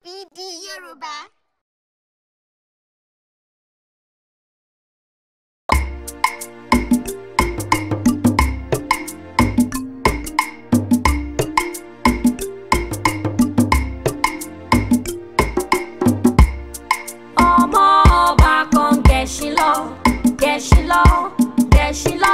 BD Yorùbá. ọmọ ọba kan gẹ̀ṣin lọ gẹ̀ṣin lọ gẹ̀ṣin lọ.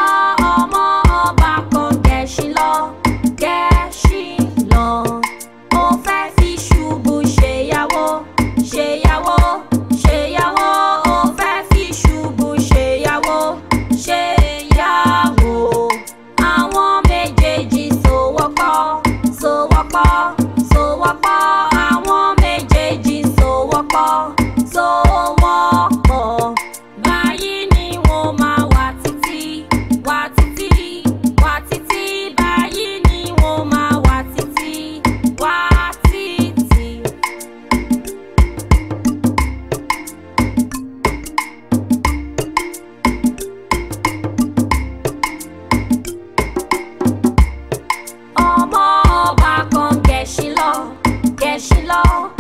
Oh.